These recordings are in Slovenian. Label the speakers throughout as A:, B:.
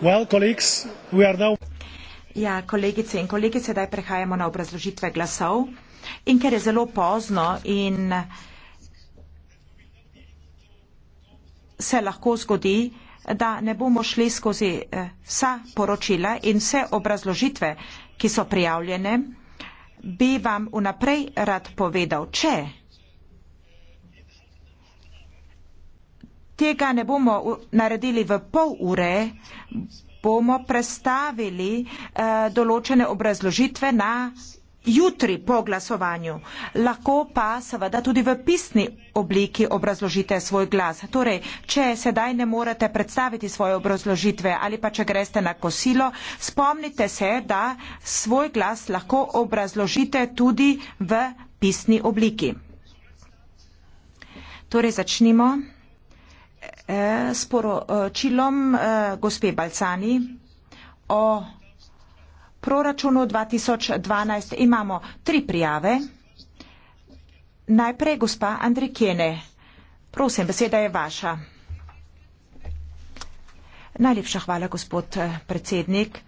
A: Well, colleagues, we are now...
B: Ja, kolegice in kolegi, sedaj prehajamo na obrazložitve glasov. In ker je zelo pozno in se lahko zgodi, da ne bomo šli skozi eh, vsa poročila in vse obrazložitve, ki so prijavljene, bi vam vnaprej rad povedal, če tega ne bomo naredili v pol ure, bomo prestavili uh, določene obrazložitve na jutri po glasovanju. Lahko pa seveda tudi v pisni obliki obrazložite svoj glas. Torej, če sedaj ne morete predstaviti svoje obrazložitve ali pa če greste na kosilo, spomnite se, da svoj glas lahko obrazložite tudi v pisni obliki. Torej, začnimo. Eh, s poročilom eh, gospe Balcani o proračunu 2012. Imamo tri prijave. Najprej gospa Andrikene. Prosim, beseda je vaša. Najlepša hvala, gospod eh, predsednik.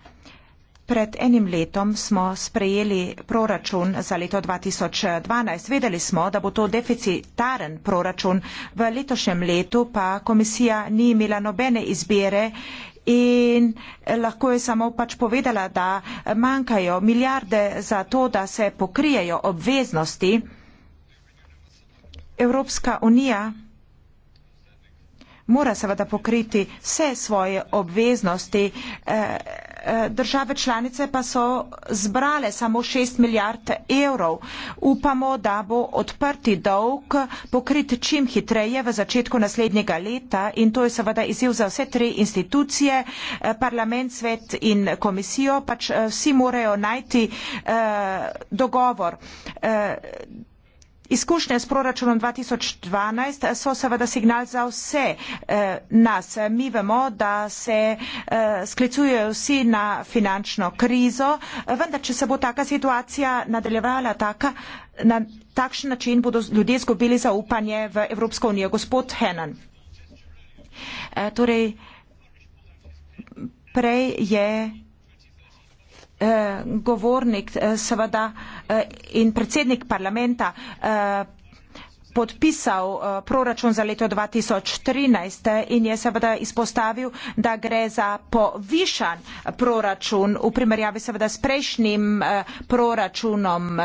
B: Pred enim letom smo sprejeli proračun za leto 2012. Vedeli smo, da bo to deficitaren proračun. V letošnjem letu pa komisija ni imela nobene izbire in lahko je samo pač povedala, da manjkajo milijarde za to, da se pokrijejo obveznosti. Evropska unija mora seveda pokriti vse svoje obveznosti. Eh, Eh, države članice pa so zbrale samo 6 milijard evrov. Upamo, da bo odprti dolg pokrit čim hitreje v začetku naslednjega leta in to je seveda izziv za vse tri institucije, eh, parlament, svet in komisijo, pač eh, vsi morajo najti dogovor. Izkušnje s proračunom 2012 so seveda signal za vse eh, nas. Mi vemo, da se eh, sklicujejo vsi na finančno krizo, eh, vendar če se bo taka situacija nadaljevala taka, na takšen način bodo ljudje izgubili zaupanje v Evropsko unijo. Gospod Henan. Eh, torej, prej je eh, govornik, eh, seveda eh, in predsednik parlamenta. Eh, podpisal eh, proračun za leto 2013 eh, in je seveda izpostavil, da gre za povišan proračun v primerjavi seveda s prejšnjim eh, proračunom.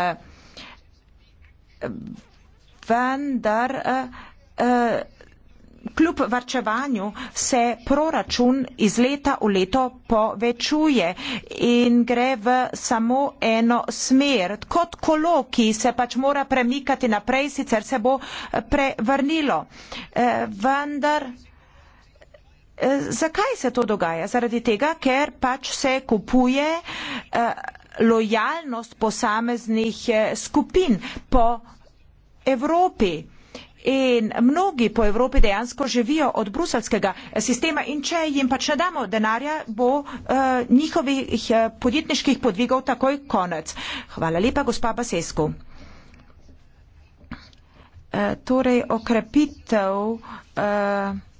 B: Vendar. Eh, Kljub varčevanju se proračun iz leta v leto povečuje in gre v samo eno smer. Kot kolo, ki se pač mora premikati naprej, sicer se bo eh, prevrnilo. Eh, vendar, eh, zakaj se to dogaja? Zaradi tega, ker pač se kupuje lojalnost posameznih skupin po Evropi in mnogi po Evropi dejansko živijo od bruselskega eh, sistema in če jim pač ne damo denarja, bo eh, njihovih eh, podjetniških podvigov takoj konec. Hvala lepa, gospa Basesku. Eh, torej, okrepitev. Eh,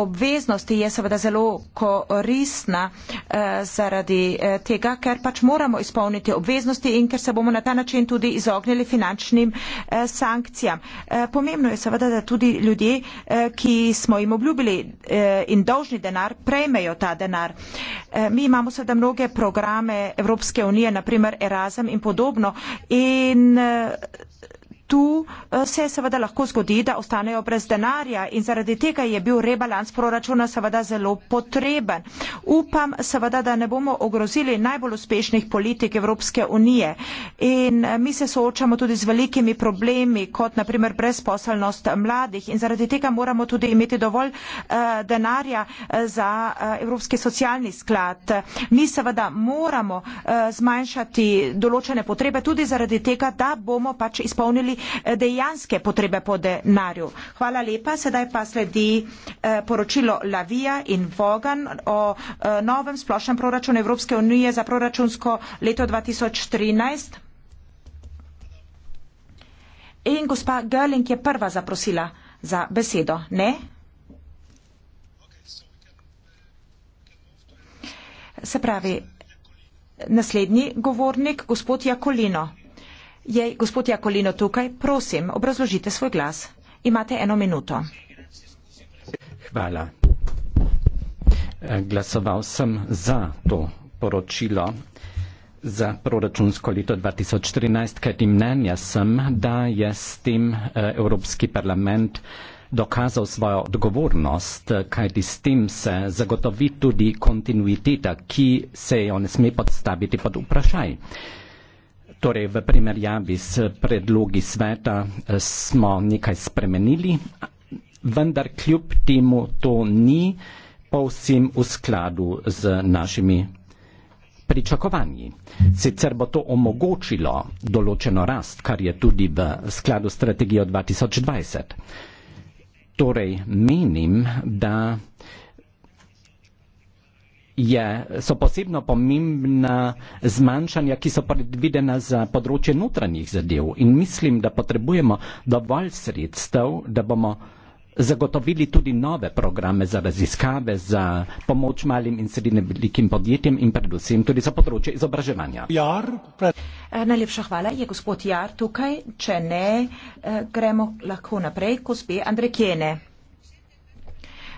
B: obveznosti je seveda zelo koristna eh, zaradi eh, tega, ker pač moramo izpolniti obveznosti in ker se bomo na ta način tudi izognili finančnim eh, sankcijam. Pomembno je seveda, da tudi ljudje, ki smo jim obljubili in dolžni denar, prejmejo ta denar. Mi imamo seveda mnoge programe Evropske unije, naprimer Erasm in podobno. In tu eh, se seveda lahko zgodi, da ostanejo brez denarja in zaradi tega je bil rebalans proračuna seveda zelo potreben. Upam seveda, da ne bomo ogrozili najbolj uspešnih politik Evropske unije in eh, mi se soočamo tudi z velikimi problemi, kot naprimer brezposelnost mladih in zaradi tega moramo tudi imeti dovolj eh, denarja za Evropski socialni sklad. Mi seveda moramo zmanjšati določene potrebe tudi zaradi tega, da bomo pač izpolnili dejanske potrebe po denarju. Hvala lepa, sedaj pa sledi eh, poročilo Lavija in Vogan o eh, novem splošnem proračunu Evropske unije za proračunsko leto 2013. In gospa Görling je prva zaprosila za besedo. Ne? Se pravi, naslednji govornik, gospod Jakolino. Je gospod Jakolino tukaj? Prosim, obrazložite svoj glas. Imate eno minuto.
C: Hvala. Glasoval sem za to poročilo za proračunsko leto 2014, kajti mnenja sem, da je s tem eh, Evropski parlament dokazal svojo odgovornost, kajti s tem se zagotovi tudi kontinuiteta, ki se jo ne sme podstaviti pod vprašaj. Torej, v primerjavi s predlogi sveta eh, smo nekaj spremenili, vendar kljub temu to ni povsem v skladu z našimi pričakovanji. Sicer bo to omogočilo določeno rast, kar je tudi v skladu strategijo 2020. Torej, menim, da je, so posebno pomembna zmanjšanja, ki so predvidena za področje notranjih zadev. In mislim, da potrebujemo dovolj sredstev, da bomo zagotovili tudi nove programe za raziskave, za pomoč malim in srednjim velikim podjetjem in predvsem tudi za področje izobraževanja. Jar,
B: pred... Eh, najlepša hvala. Je gospod Jar tukaj? Če ne, eh, gremo lahko naprej, gospe Andrekjene.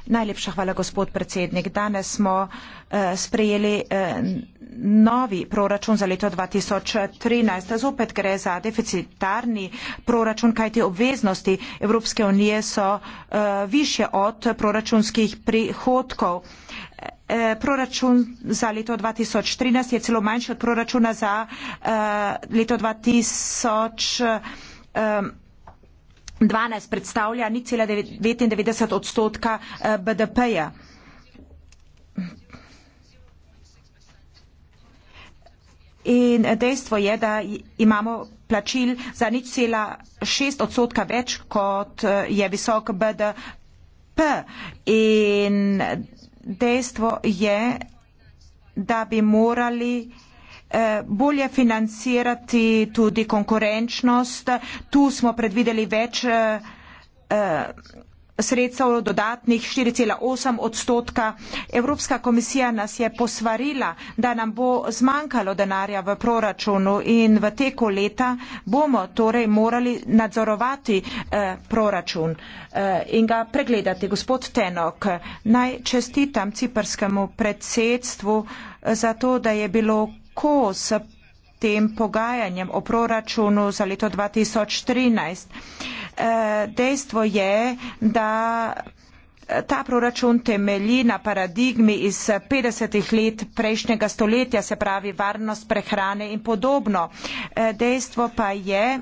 B: Najlepša hvala, gospod predsednik. Danes smo eh, sprejeli eh, novi proračun za leto 2013. Zopet gre za deficitarni proračun, kajti obveznosti Evropske unije so eh, više od proračunskih prihodkov. Proračun za leto 2013 je celo manjši od proračuna za leto 2013. 2012 predstavlja nič cela devetindevetdeset odstotka eh, BDP-ja. In eh, dejstvo je, da imamo plačil za nič cela šest odstotka več, kot eh, je visok BDP. In dejstvo je, da bi morali Eh, bolje financirati tudi konkurenčnost. Tu smo predvideli več eh, eh, sredstev dodatnih 4,8 odstotka. Evropska komisija nas je posvarila, da nam bo zmanjkalo denarja v proračunu in v teku leta bomo torej morali nadzorovati eh, proračun eh, in ga pregledati. Gospod Tenok, naj čestitam ciperskemu predsedstvu za to, da je bilo kako s tem pogajanjem o proračunu za leto 2013. Eh, dejstvo je, da eh, ta proračun temelji na paradigmi iz 50-ih let prejšnjega stoletja, se pravi varnost prehrane in podobno. Eh, dejstvo pa je,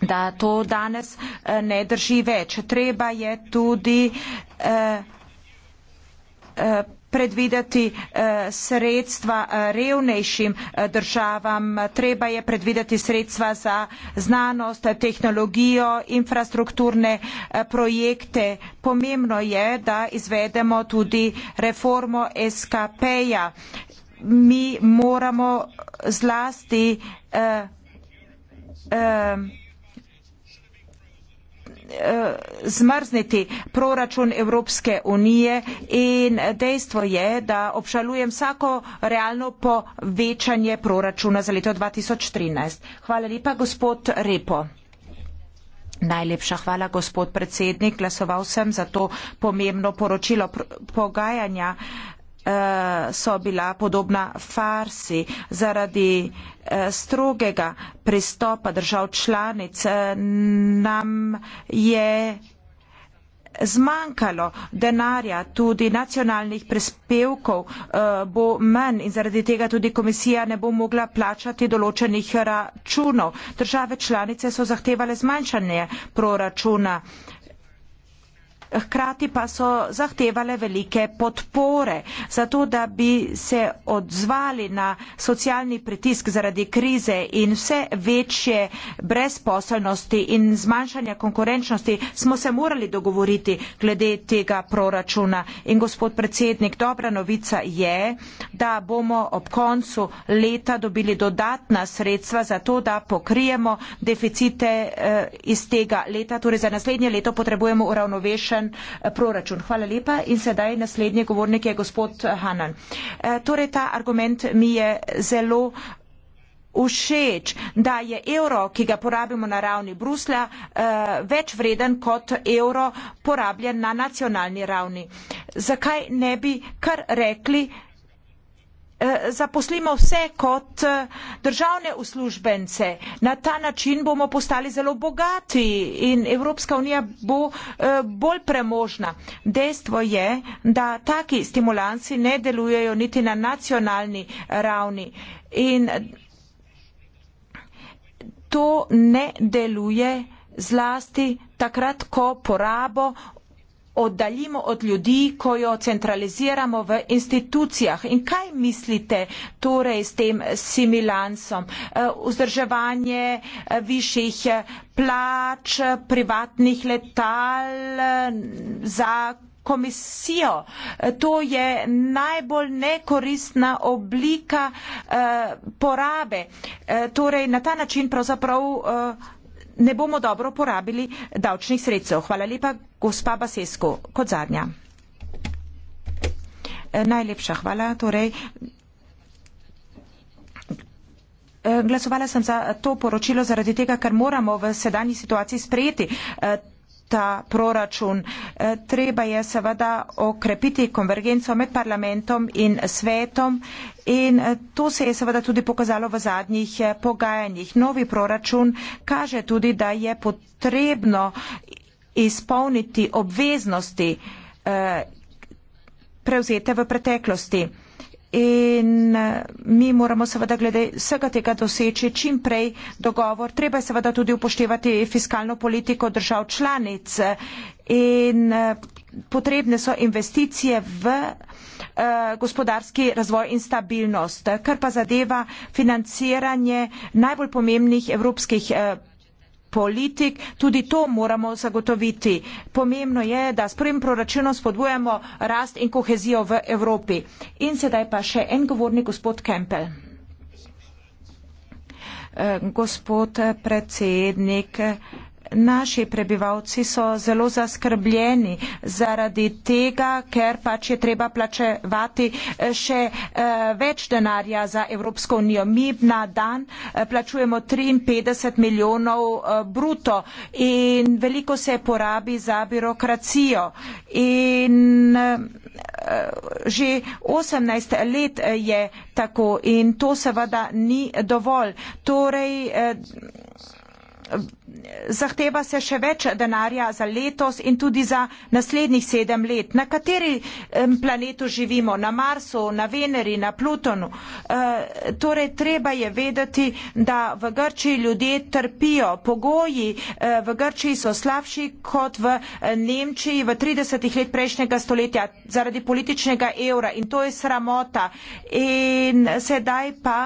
B: da to danes ne drži več. Treba je tudi predvideti eh, sredstva eh, revnejšim eh, državam, treba je predvideti sredstva za znanost, tehnologijo, infrastrukturne projekte. Pomembno je, da izvedemo tudi reformo SKP-ja. Mi moramo zlasti eh, eh, Eh, zmrzniti proračun Evropske unije in dejstvo je, da obšalujem vsako realno povečanje proračuna za leto 2013. Hvala lepa, gospod Repo. Najlepša hvala, gospod predsednik. Glasoval sem za to pomembno poročilo pogajanja. Uh, Eh, so bila podobna farsi zaradi eh, strogega pristopa držav članic. Eh, nam je zmanjkalo denarja, tudi nacionalnih prispevkov bo manj in zaradi tega tudi komisija ne bo mogla plačati določenih računov. Države članice so zahtevale zmanjšanje proračuna hkrati pa so zahtevale velike podpore, zato da bi se odzvali na socialni pritisk zaradi krize in vse večje brezposelnosti in zmanjšanja konkurenčnosti, smo se morali dogovoriti glede tega proračuna. In gospod predsednik, dobra novica je, da bomo ob koncu leta dobili dodatna sredstva za to, da pokrijemo deficite eh, iz tega leta, torej za naslednje leto potrebujemo uravnovešen kakšen eh, proračun. Hvala lepa in sedaj naslednji govornik je gospod Hanan. Eh, torej ta argument mi je zelo všeč, da je evro, ki ga porabimo na ravni Bruslja, eh, več vreden kot evro porabljen na nacionalni ravni. Zakaj ne bi kar rekli, Eh, zaposlimo vse kot eh, državne uslužbence. Na ta način bomo postali zelo bogati in Evropska unija bo eh, bolj premožna. Dejstvo je, da taki stimulansi ne delujejo niti na nacionalni ravni. In to ne deluje zlasti takrat, ko porabo oddaljimo od ljudi, ko jo centraliziramo v institucijah. In kaj mislite torej s tem similansom? E, vzdrževanje e, višjih e, plač, privatnih letal za komisijo. To je najbolj nekoristna oblika porabe. Torej na ta način pravzaprav ne bomo dobro porabili davčnih sredstev. Hvala lepa, gospa Basesko, kot zadnja. E, najlepša hvala. Torej, e, glasovala sem za to poročilo zaradi tega, ker moramo v sedanji situaciji sprejeti e, ta proračun. Eh, treba je seveda okrepiti konvergenco med parlamentom in svetom in eh, to se je seveda tudi pokazalo v zadnjih eh, pogajanjih. Novi proračun kaže tudi, da je potrebno izpolniti obveznosti prevzete v preteklosti. In eh, mi moramo seveda glede vsega tega doseči čim prej dogovor. Treba je seveda tudi upoštevati fiskalno politiko držav članic in eh, potrebne so investicije v eh, gospodarski razvoj in stabilnost. Kar pa zadeva financiranje najbolj pomembnih evropskih politik, tudi to moramo zagotoviti. Pomembno je, da s prvim proračunom spodbujamo rast in kohezijo v Evropi. In sedaj pa še en govornik, gospod Kempel. Eh, gospod eh, predsednik, naši prebivalci so zelo zaskrbljeni zaradi tega, ker pač je treba plačevati eh, še eh, več denarja za Evropsko unijo. Mi na dan eh, plačujemo 53 milijonov bruto in veliko se porabi za birokracijo. In že 18 let je tako in to seveda ni dovolj. Torej, zahteva se še več denarja za letos in tudi za naslednjih sedem let. Na kateri planetu živimo? Na Marsu, na Veneri, na Plutonu? Eh, torej, treba je vedeti, da v Grčiji ljudje trpijo. Pogoji eh, v Grčiji so slabši kot v eh, Nemčiji v 30. let prejšnjega stoletja zaradi političnega evra in to je sramota. In sedaj pa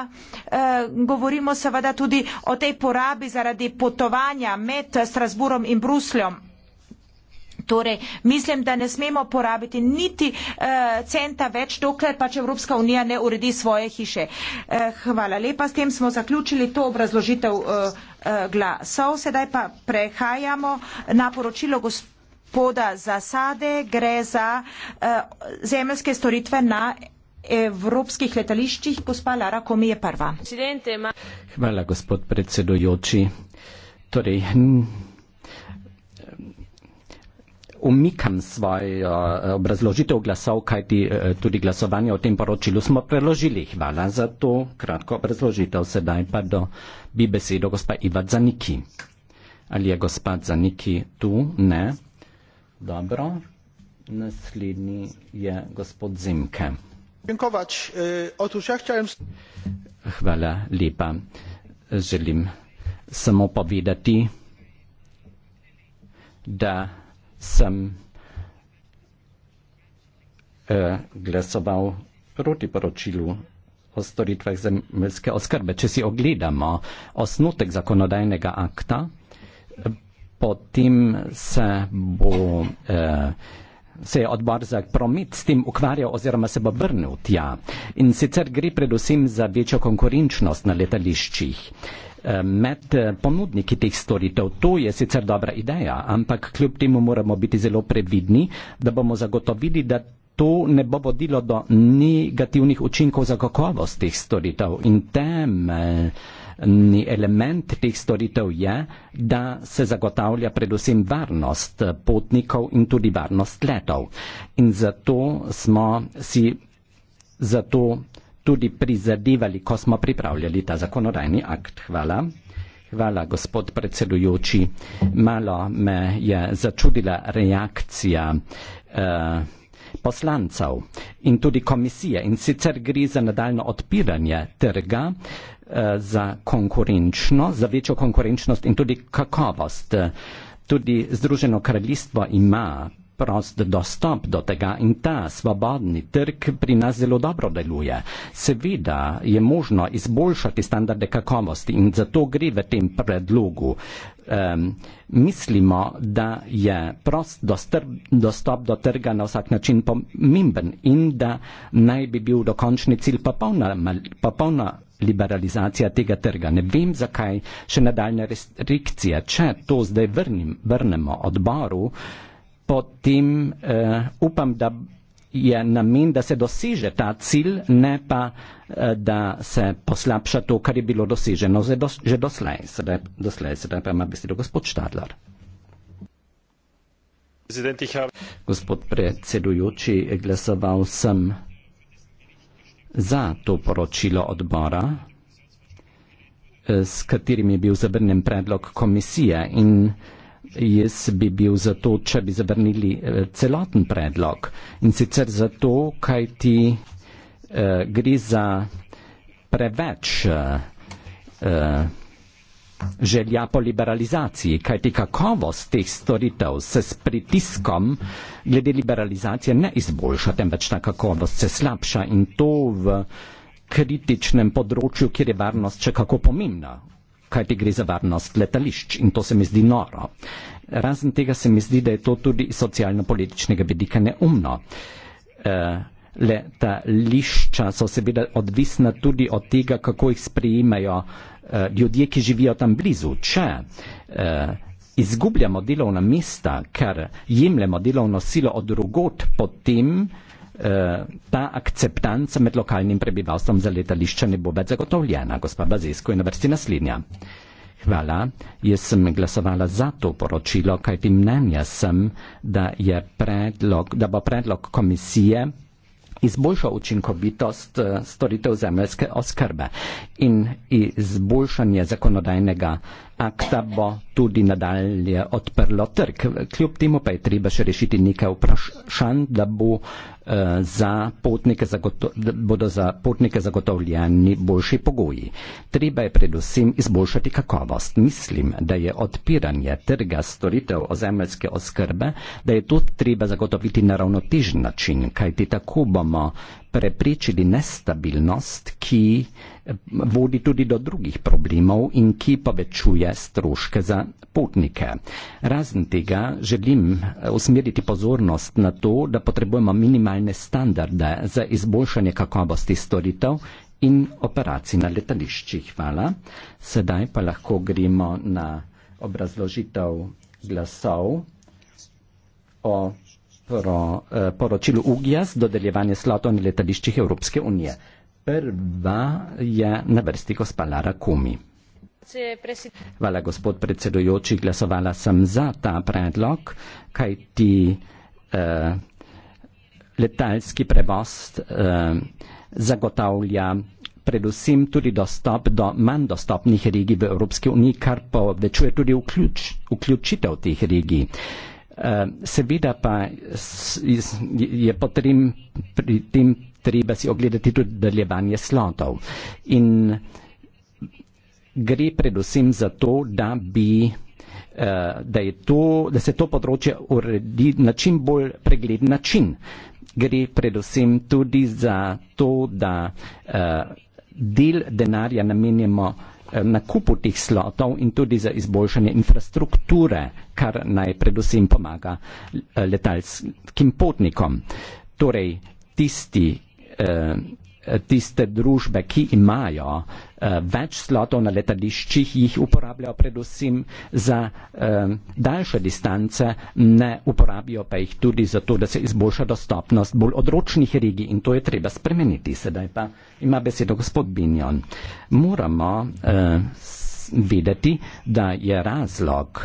B: govorimo seveda tudi o tej porabi zaradi potrebe potovanja med Strasburom in Brusljom. Torej, mislim, da ne smemo porabiti niti uh, centa več, dokler pač Evropska unija ne uredi svoje hiše. Uh, hvala lepa, s tem smo zaključili to obrazložitev uh, uh, glasov. Sedaj pa prehajamo na poročilo gospoda Zasade. Gre za uh, zemljske storitve na evropskih letališčih. Gospa Lara Komi je prva.
C: Hvala, gospod predsedujoči torej, umikam svojo eh, obrazložitev glasov, kajti eh, tudi glasovanje o tem poročilu smo preložili. Hvala za to kratko obrazložitev. Sedaj pa do bi besedo gospa Iva Zaniki. Ali je gospod Zaniki tu? Ne. Dobro. Naslednji je gospod Zimke.
A: E, ja
C: Hvala lepa. Želim samo povedati, da sem eh, glasoval proti poročilu o storitvah zemljske oskrbe. Če si ogledamo osnutek zakonodajnega akta, potem se bo eh, se je odbor za promet s tem ukvarjal oziroma se bo vrnil tja. In sicer gre predvsem za večjo konkurenčnost na letališčih. Eh, Eh, med eh, ponudniki teh storitev. To je sicer dobra ideja, ampak kljub temu moramo biti zelo previdni, da bomo zagotovili, da to ne bo vodilo do negativnih učinkov za kakovost teh storitev. In temni element teh storitev je, da se zagotavlja predvsem varnost potnikov in tudi varnost letov. In zato smo si zato tudi prizadevali, ko smo pripravljali ta zakonodajni akt. Hvala. Hvala, gospod predsedujoči. Malo me je začudila reakcija eh, poslancev in tudi komisije. In sicer gre za nadaljno odpiranje trga eh, za konkurenčnost, za večjo konkurenčnost in tudi kakovost. Tudi Združeno kraljestvo ima prost dostop do tega in ta svobodni trg pri nas zelo dobro deluje. Seveda je možno izboljšati standarde kakovosti in zato gre v tem predlogu. Um, mislimo, da je prost dostr, dostop do trga na vsak način pomemben in da naj bi bil dokončni cilj popolna, popolna liberalizacija tega trga. Ne vem, zakaj še nadaljne restrikcije. Če to zdaj vrnim, vrnemo odboru, uh, potem uh, upam, da je namen, da se dosiže ta cilj, ne pa, uh, da se poslabša to, kar je bilo doseženo dos, že doslej. Sedaj, doslej, sedaj pa ima besedo gospod Štadlar. Gospod predsedujoči, glasoval sem za to poročilo odbora, eh, s katerim je bil zabrnen predlog komisije in uh, Jaz bi bil za to, če bi zabrnili eh, celoten predlog. In sicer zato, kaj ti uh, eh, gre za preveč uh, želja po liberalizaciji, kaj ti kakovost teh storitev se s pritiskom glede liberalizacije ne izboljša, temveč ta kakovost se slabša in to v kritičnem področju, kjer je varnost še kako pomembna kajti gre za varnost letališč in to se mi zdi noro. Razen tega se mi zdi, da je to tudi iz socialno-političnega vedika neumno. E, letališča so seveda odvisna tudi od tega, kako jih sprejemajo e, ljudje, ki živijo tam blizu. Če e, izgubljamo delovna mesta, ker jemljemo delovno silo od drugot, potem Eh, ta akceptanca med lokalnim prebivalstvom za letališča ne bo več zagotovljena. Gospa Bazesko je na vrsti naslednja. Hvala, jaz sem glasovala za to poročilo, kaj ti mnenja sem, da, predlog, da bo predlog komisije izboljšal učinkovitost eh, storitev zemljske oskrbe in izboljšanje zakonodajnega akta bo tudi nadalje odprlo trg. Kljub temu pa je treba še rešiti nekaj vprašanj, da, bo, eh, za da bodo za potnike zagotovljeni boljši pogoji. Treba je predvsem izboljšati kakovost. Mislim, da je odpiranje trga storitev ozemeljske oskrbe, da je to treba zagotoviti na ravnotežen način, kajti tako bomo preprečili nestabilnost, ki eh, vodi tudi do drugih problemov in ki povečuje stroške za potnike. Razen tega želim eh, usmeriti pozornost na to, da potrebujemo minimalne standarde za izboljšanje kakovosti storitev in operacij na letališčih. Hvala. Sedaj pa lahko gremo na obrazložitev glasov o poro, eh, poročilu UGIAS dodeljevanje slotov na letališčih Evropske unije. Prva je na vrsti gospa Lara Kumi. Hvala, gospod predsedujoči. Glasovala sem za ta predlog, kaj ti eh, letalski prevoz eh, zagotavlja predvsem tudi dostop do manj dostopnih regij v Evropski uniji, kar povečuje tudi vključ, vključitev teh regij. Eh, seveda pa je potrim pri tem treba si ogledati tudi deljevanje slotov. In gre predvsem za to, da bi eh, da, to, da se to področje uredi na čim bolj pregleden način. Gre predvsem tudi za to, da uh, del denarja namenjamo uh, Eh, nakupu tih slotov in tudi za izboljšanje infrastrukture, kar naj predvsem pomaga eh, letalskim potnikom. Torej, tisti, eh, tiste družbe, ki imajo Eh, več slotov na letališčih jih uporabljajo predvsem za eh, daljše distance, ne uporabijo pa jih tudi zato, da se izboljša dostopnost bolj odročnih regij in to je treba spremeniti. Sedaj pa ima besedo gospod Binjon. Moramo eh, vedeti, da je razlog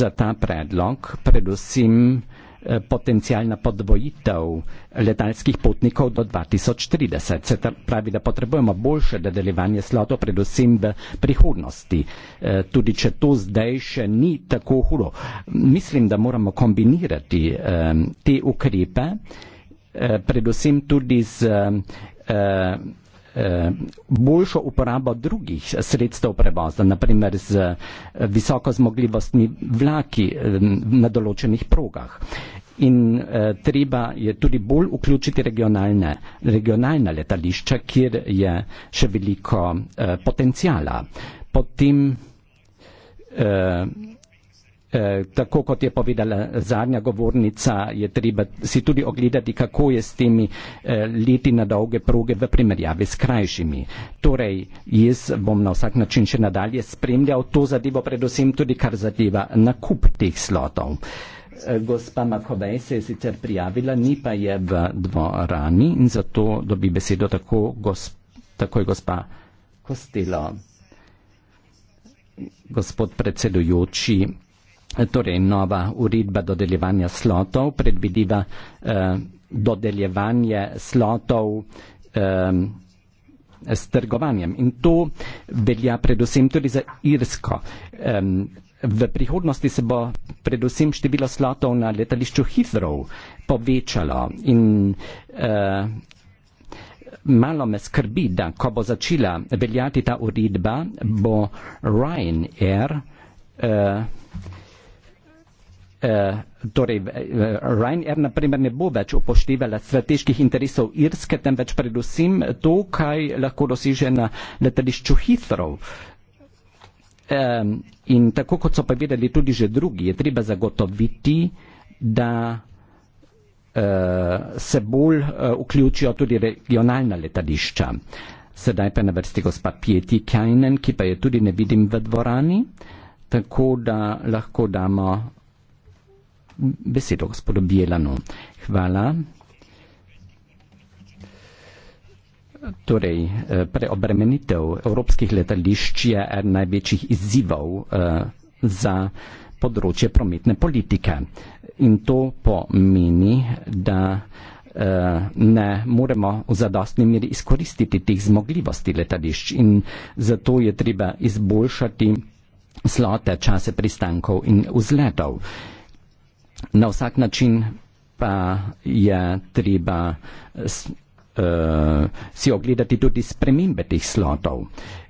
C: za ta predlog predvsem eh, Eh, potencjalna podvojitev letalskih potnikov do 2030. Se pravi, da potrebujemo boljše dodeljevanje slotov, predvsem v prihodnosti, eh, tudi če to zdaj še ni tako hudo. Mislim, da moramo kombinirati eh, te ukrepe, predvsem tudi z boljšo uporabo drugih sredstev prevoza, naprimer z visoko zmogljivostni vlaki na določenih progah. In eh, treba je tudi bolj vključiti regionalne, regionalne letališča, kjer je še veliko eh, potencijala. Potem eh, Eh, tako kot je povedala zadnja govornica, je treba si tudi ogledati, kako je s temi eh, leti na dolge proge v primerjavi s krajšimi. Torej, jaz bom na vsak način še nadalje spremljal to zadevo, predvsem tudi kar zadeva nakup teh slotov. Eh, gospa Makovej se je sicer prijavila, ni pa je v dvorani in zato dobi besedo tako, gosp, tako je gospa Kostelo. Gospod predsedujoči, Torej, nova uredba dodeljevanja slotov predvideva eh, dodeljevanje slotov eh, s trgovanjem in to velja predvsem tudi za Irsko. Eh, v prihodnosti se bo predvsem število slotov na letališču Heathrow povečalo in eh, malo me skrbi, da ko bo začela veljati ta uredba, bo Ryanair eh, Eh, torej eh, Ryanair naprimer ne bo več upoštevala strateških interesov Irske, temveč predvsem to, kaj lahko doseže na letališču Heathrow. In tako kot so povedali tudi že drugi, je treba zagotoviti, da eh, se bolj vključijo tudi regionalna letališča. Sedaj pa na vrsti gospa Pieti Kajnen, ki pa je tudi ne vidim v dvorani, tako da lahko damo besedo, gospod Bielano. Hvala. Torej, eh, preobremenitev evropskih letališč je en največjih izzivov eh, za področje prometne politike. In to pomeni, da eh, ne moremo v zadostni meri izkoristiti teh zmogljivosti letališč in zato je treba izboljšati slote čase pristankov in vzletov. Eh, na vsak način pa je treba uh, si ogledati tudi spremembe teh slotov.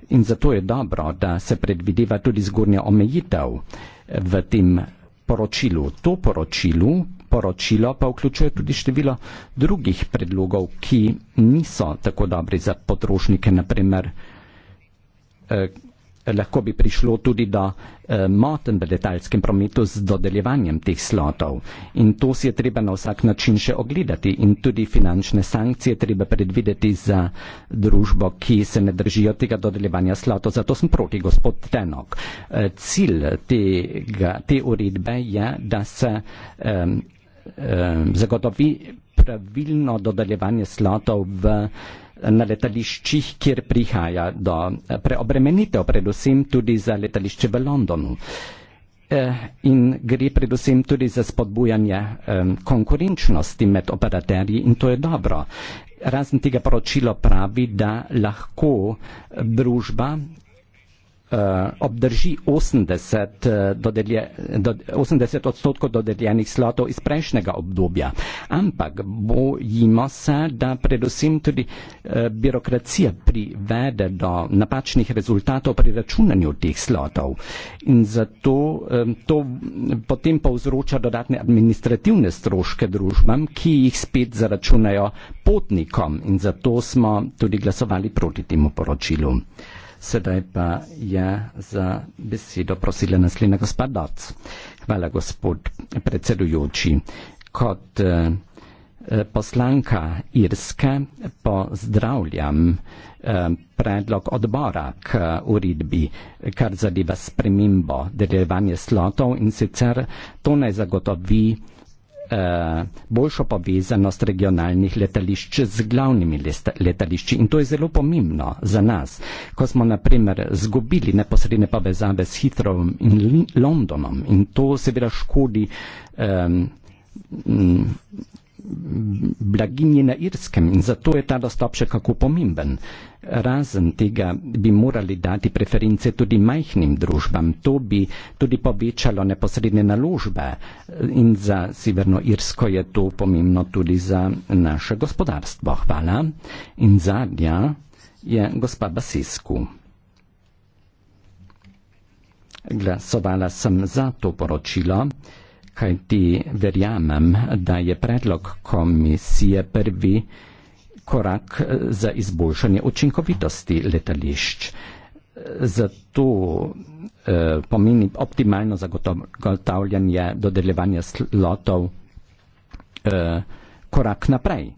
C: In zato je dobro, da se predvideva tudi zgornja omejitev v tem poročilu. To poročilu, poročilo pa vključuje tudi število drugih predlogov, ki niso tako dobri za potrošnike, naprimer. Uh, eh, lahko bi prišlo tudi do eh, motenj v letalskem prometu z dodeljevanjem teh slotov. In to si je treba na vsak način še ogledati in tudi finančne sankcije treba predvideti za družbo, ki se ne držijo tega dodeljevanja slotov. Zato sem proti, gospod Tenok. Eh, cilj tega, te uredbe je, da se eh, eh, zagotovi pravilno dodeljevanje slotov v eh, na letališčih, kjer prihaja do eh, preobremenitev, predvsem tudi za letališče v Londonu. Eh, in gre predvsem tudi za spodbujanje konkurenčnosti med operaterji in to je dobro. Razen tega poročilo pravi, da lahko družba, uh, obdrži 80, uh, eh, dodelje, do, 80 odstotkov dodeljenih slotov iz prejšnjega obdobja. Ampak bojimo se, da predvsem tudi uh, birokracija privede do napačnih rezultatov pri računanju teh slotov. In zato um, to potem povzroča dodatne administrativne stroške družbam, ki jih spet zaračunajo potnikom. In zato smo tudi glasovali proti temu poročilu. Uh, Sedaj pa je za besedo prosila naslednja gospa Doc. Hvala, gospod predsedujoči. Kot eh, eh poslanka Irske pozdravljam eh, predlog odbora k eh, uredbi, kar zadeva spremembo delovanja slotov in sicer to naj zagotovi eh, Eh, boljšo povezanost regionalnih letališč z glavnimi letališči. In to je zelo pomembno za nas. Ko smo, na primer, zgubili neposredne povezave s Hitrovom in Londonom in to seveda škodi um, blaginji na Irskem in zato je ta dostop še kako pomemben. Razen tega bi morali dati preference tudi majhnim družbam, to bi tudi povečalo neposredne naložbe in za Severno Irsko je to pomembno tudi za naše gospodarstvo. Hvala. In zadnja je gospa Basisku. Glasovala sem za to poročilo kajti verjamem, da je predlog komisije prvi korak eh, za izboljšanje učinkovitosti letališč. Zato eh, pomeni optimalno zagotavljanje dodeljevanja slotov eh, korak naprej.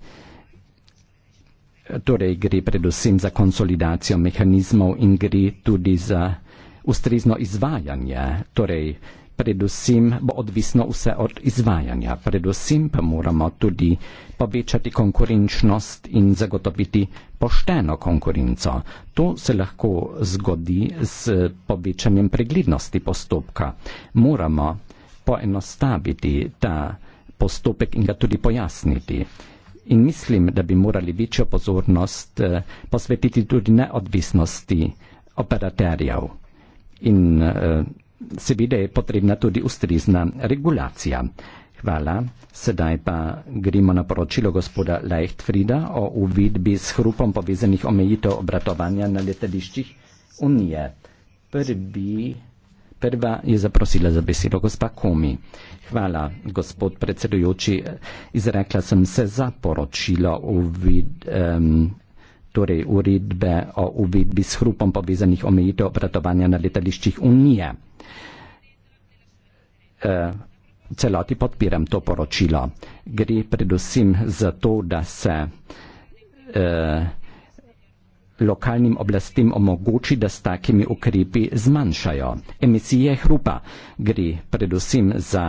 C: Torej gre predvsem za konsolidacijo mehanizmov in gre tudi za ustrezno izvajanje. Torej, eh, predvsem bo odvisno vse od izvajanja. Predvsem pa moramo tudi povečati konkurenčnost in zagotoviti pošteno konkurenco. To se lahko zgodi z povečanjem preglednosti postopka. Moramo poenostaviti ta postopek in ga tudi pojasniti. In mislim, da bi morali večjo pozornost eh, posvetiti tudi neodvisnosti operaterjev. In, uh, seveda je potrebna tudi ustrezna regulacija. Hvala. Sedaj pa gremo na poročilo gospoda Leichtfrieda o uvidbi s hrupom povezanih omejitev obratovanja na letališčih Unije. Prvi, prva je zaprosila za besedo gospa Komi. Hvala, gospod predsedujoči. Izrekla sem se za poročilo uvid. Um, torej uredbe o uvedbi s hrupom povezanih omejitev obratovanja na letališčih Unije. E, celoti podpiram to poročilo. Gre predvsem za to, da se e, lokalnim oblastem omogoči, da s takimi ukrepi zmanjšajo emisije hrupa. Gre predvsem za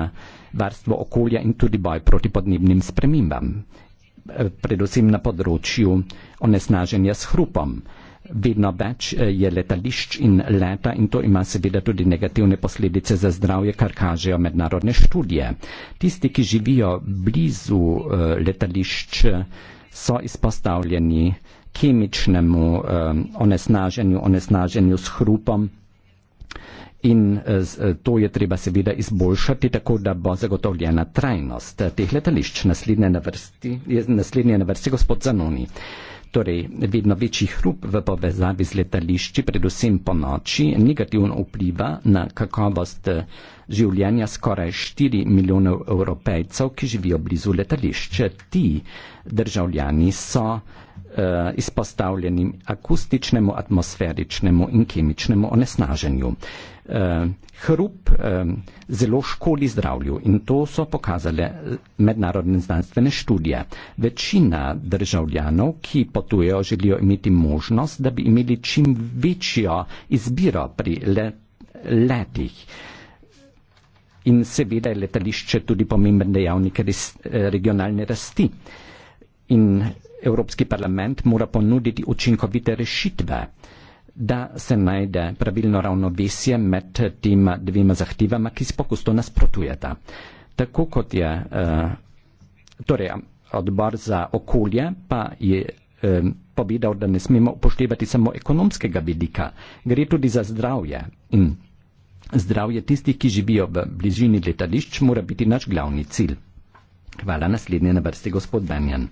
C: varstvo okolja in tudi boj proti podnebnim spremembam predvsem na področju onesnaženja s hrupom. Vedno več eh, je letališč in leta in to ima seveda tudi negativne posledice za zdravje, kar kažejo mednarodne študije. Tisti, ki živijo blizu eh, letališč, so izpostavljeni kemičnemu eh, onesnaženju, onesnaženju s hrupom in eh, eh, to je treba seveda izboljšati, tako da bo zagotovljena trajnost eh, teh letališč. Naslednje na vrsti je naslednje na vrsti gospod Zanoni. Torej, vedno večji hrup v povezavi z letališči, predvsem po noči, negativno vpliva na kakovost življenja skoraj 4 milijonov evropejcev, ki živijo blizu letališče. Ti državljani so uh, izpostavljeni akustičnemu, atmosferičnemu in kemičnemu onesnaženju. Uh, eh, hrup eh, zelo škodi zdravju in to so pokazale mednarodne znanstvene študije. Večina državljanov, ki potujejo, želijo imeti možnost, da bi imeli čim večjo izbiro pri le, letih. In seveda je letališče tudi pomemben dejavnik res, eh, regionalne rasti. In Evropski parlament mora ponuditi učinkovite rešitve. Eh, da se najde pravilno ravnovesje med tema dvema zahtevama, ki spokusto nasprotujeta. Tako kot je uh, torej odbor za okolje, pa je um, povedal, da ne smemo upoštevati samo ekonomskega vidika, gre tudi za zdravje. In zdravje tistih, ki živijo v bližini letališč, mora biti naš glavni cilj. Hvala, naslednje na vrsti gospod Benjan.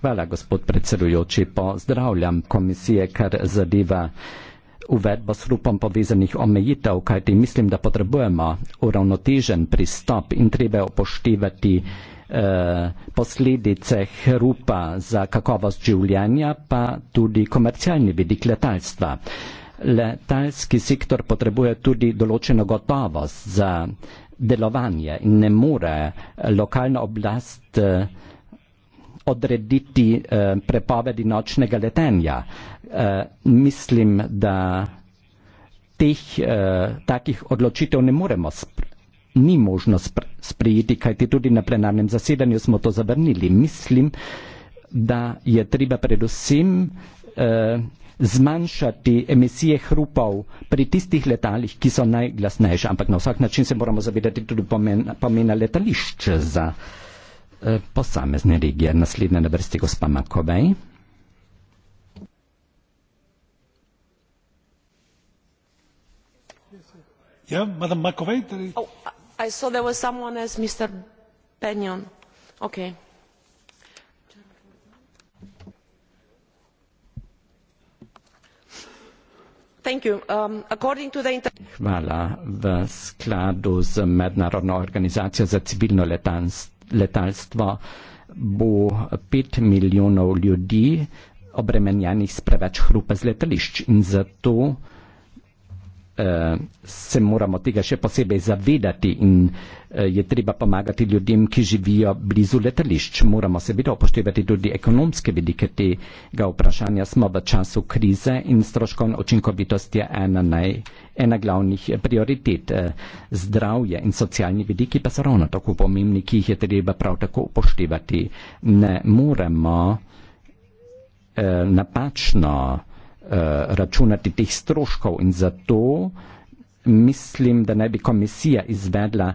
C: Hvala, gospod predsedujoči. Pozdravljam komisije, kar zadeva uvedbo s hrupom povezanih omejitev, kajti mislim, da potrebujemo uravnotežen pristop in treba upoštevati eh, posledice hrupa za kakovost življenja, pa tudi komercialni vidik letalstva. Letalski sektor potrebuje tudi določeno gotovost za delovanje in ne more lokalna oblast eh, odrediti eh, prepovedi nočnega letenja. Eh, mislim, da teh, eh, takih odločitev ne moremo ni možno sprejeti, kajti tudi na plenarnem zasedanju smo to zavrnili. Mislim, da je treba predvsem eh, zmanjšati emisije hrupov pri tistih letalih, ki so najglasnejše, ampak na vsak način se moramo zavedati tudi pomena, pomena letališč za eh, Eh, posamezne regije. Naslednja na vrsti gospa Makovej.
A: Yeah, ja, Madam McAvey, the... Torej- oh,
B: I saw there was someone as Mr. Pennion. Okay. Thank you. Um, according to the inter-
C: Hvala. V skladu z Mednarodno organizacijo za civilno letanstvo letalstvo bo pet milijonov ljudi obremenjenih s preveč hrupa z letališč in zato se moramo tega še posebej zavedati in eh, je treba pomagati ljudem, ki živijo blizu letališč. Moramo seveda upoštevati tudi ekonomske vidike tega vprašanja. Smo v času krize in stroškovna učinkovitost je ena, naj, ena glavnih eh, prioritet. Eh, zdravje in socialni vidiki pa so ravno tako pomembni, ki jih je treba prav tako upoštevati. Ne moremo napačno Eh, računati teh stroškov in zato mislim, da naj bi komisija izvedla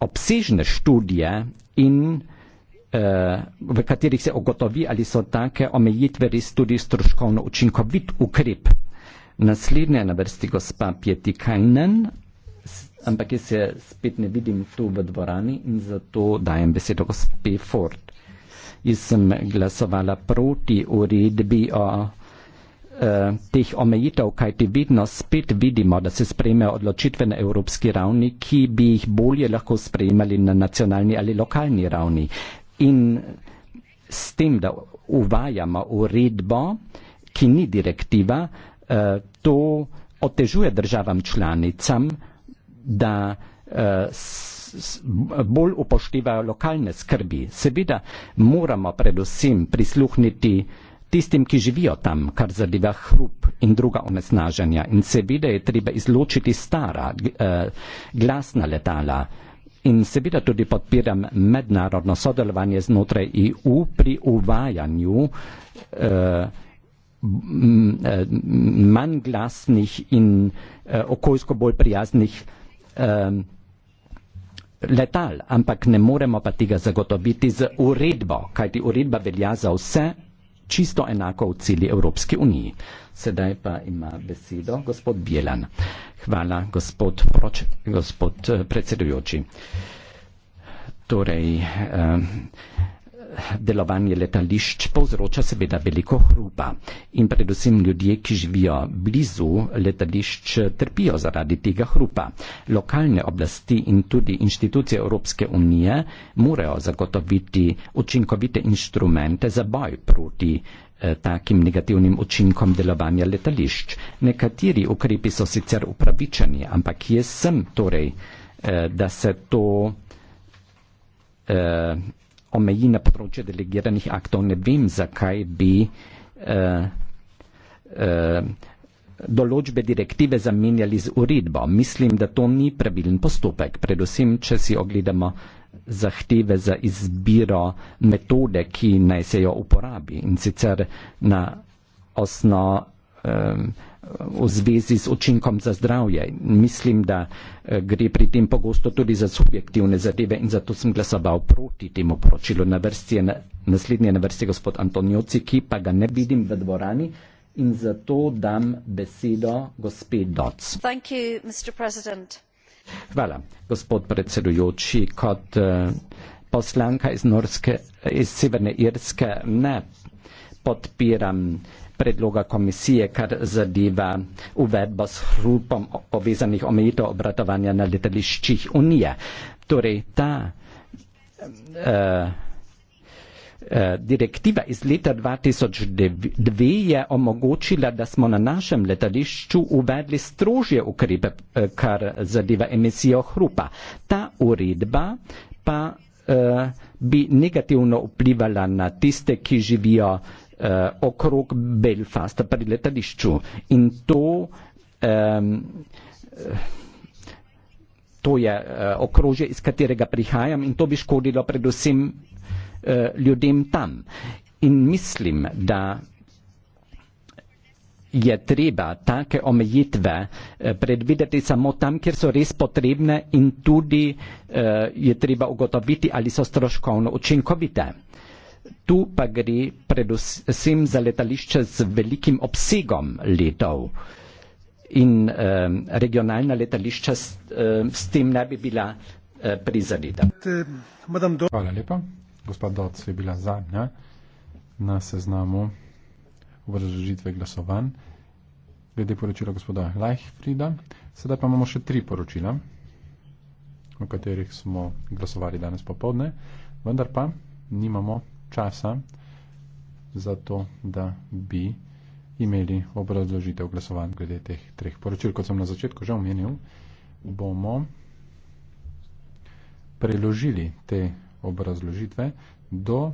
C: obsežne študije in eh, v katerih se ogotovi, ali so take omejitve res tudi stroškovno učinkovit ukrep. Naslednja je na vrsti gospa Pjeti Kajnen, ampak jaz se spet ne vidim tu v dvorani in zato dajem besedo gospe Ford. Jaz sem glasovala proti uredbi o eh, teh omejitev, kajti vedno spet vidimo, da se sprejme odločitve na evropski ravni, ki bi jih bolje lahko sprejemali na nacionalni ali lokalni ravni. In s tem, da uvajamo uredbo, ki ni direktiva, eh, to otežuje državam članicam, da eh, bolj upoštevajo lokalne skrbi. Seveda moramo predvsem prisluhniti eh, tistim, ki živijo tam, kar zadeva hrup in druga onesnaženja. In seveda je treba izločiti stara, eh, glasna letala. In seveda tudi podpiram mednarodno sodelovanje znotraj EU pri uvajanju eh, manj glasnih in eh, okoljsko bolj prijaznih letal, ampak ne moremo pa tega zagotoviti z uredbo, kajti uredba velja za vse čisto enako v celi Evropski uniji. Sedaj pa ima besedo gospod Bielan. Hvala, gospod, proč, gospod eh, predsedujoči. Torej, eh, delovanje letališč povzroča seveda veliko hrupa in predvsem ljudje, ki živijo blizu letališč, trpijo zaradi tega hrupa. Lokalne oblasti in tudi inštitucije Evropske unije morajo zagotoviti učinkovite inštrumente za boj proti eh, takim negativnim učinkom delovanja letališč. Nekateri ukrepi so sicer upravičeni, ampak jaz sem torej, eh, da se to eh, omeji na področje delegiranih aktov, ne vem, zakaj bi eh, eh, določbe direktive zamenjali z uredbo. Mislim, da to ni pravilen postopek, predvsem, če si ogledamo zahteve za izbiro metode, ki naj se jo uporabi in sicer na osno. Eh, v zvezi z učinkom za zdravje. Mislim, da eh, gre pri tem pogosto tudi za subjektivne zadeve in zato sem glasoval proti temu poročilu. Na vrsti je na, naslednji na vrsti gospod Antonioci, ki pa ga ne vidim v dvorani in zato dam besedo gospod Doc. Thank you, Mr. President. Hvala, gospod predsedujoči. Kot uh, poslanka iz, Norske, iz Severne Irske ne podpiram predloga komisije, kar zadeva uvedbo s hrupom povezanih omejitev obratovanja na letališčih Unije. Torej, ta uh, Direktiva iz leta 2002 je omogočila, da smo na našem letališču uvedli strožje ukrepe, eh, kar zadeva emisijo hrupa. Ta uredba pa uh, bi negativno vplivala na tiste, ki živijo uh, eh, okrog Belfasta pri letališču. In to, eh, to je eh, okrožje, iz katerega prihajam in to bi škodilo predvsem eh, ljudem tam. In mislim, da je treba take omejitve eh, predvideti samo tam, kjer so res potrebne in tudi eh, je treba ugotoviti, ali so stroškovno učinkovite. Tu pa gre predvsem za letališče z velikim obsegom letov in eh, regionalna letališča s, eh, s tem ne bi bila eh, prizadeta.
A: Hvala lepa. Gospod Doc je bila zadnja na seznamu obrazložitve glasovanj. Glede poročila gospoda Lajhfrida. Sedaj pa imamo še tri poročila, o katerih smo glasovali danes popovdne, vendar pa nimamo časa za to, da bi imeli obrazložitev glasovanj glede teh treh poročil. Kot sem na začetku že omenil, bomo preložili te obrazložitve do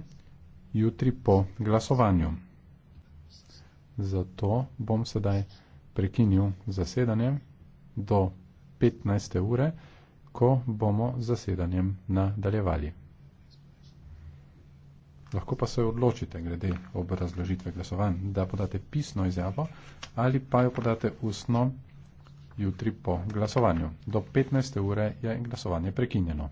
A: jutri po glasovanju. Zato bom sedaj prekinil zasedanje do 15. ure, ko bomo zasedanjem nadaljevali. Lahko pa se odločite, glede ob razložitve glasovanj, da podate pisno izjavo ali pa jo podate ustno jutri po glasovanju. Do 15. ure je glasovanje prekinjeno.